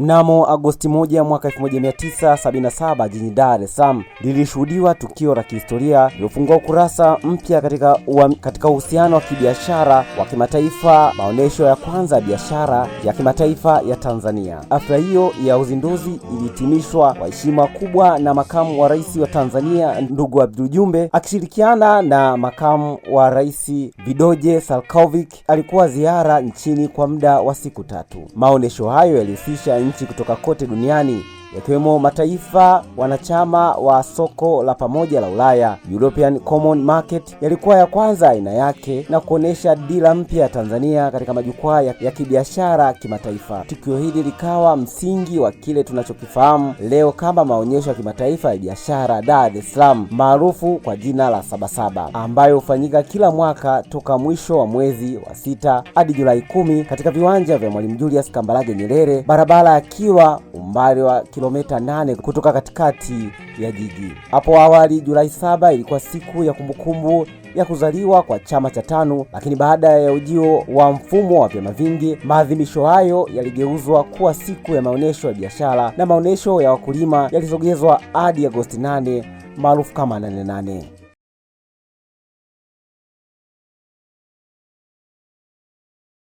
Mnamo Agosti 1 mwaka 1977 jijini Dar es Salaam lilishuhudiwa tukio la kihistoria lilofungua ukurasa mpya katika uwa, katika uhusiano wa kibiashara wa kimataifa, maonesho ya kwanza ya biashara ya kimataifa ya Tanzania. Hafla hiyo ya uzinduzi ilihitimishwa kwa heshima kubwa na makamu wa rais wa Tanzania ndugu Abdul Jumbe akishirikiana na makamu wa rais Vidoje Salkovic, alikuwa ziara nchini kwa muda wa siku tatu. Maonesho hayo yalihusisha wananchi kutoka kote duniani yakiwemo mataifa wanachama wa soko la pamoja la Ulaya, European Common Market, yalikuwa ya kwanza aina yake na kuonesha dira mpya ya Tanzania katika majukwaa ya, ya kibiashara kimataifa. Tukio hili likawa msingi wa kile tunachokifahamu leo kama maonyesho ya kimataifa ya biashara Dar es Salaam maarufu kwa jina la Sabasaba, ambayo hufanyika kila mwaka toka mwisho wa mwezi wa sita hadi Julai kumi katika viwanja vya Mwalimu Julius Kambarage Nyerere, barabara ya Kilwa, umbali wa kilomita 8 kutoka katikati ya jiji. Hapo awali Julai saba ilikuwa siku ya kumbukumbu ya kuzaliwa kwa chama cha TANU, lakini baada ya ujio wa mfumo wa vyama vingi, maadhimisho hayo yaligeuzwa kuwa siku ya maonyesho ya biashara na maonyesho ya wakulima yalisogezwa hadi Agosti 8 maarufu kama 88.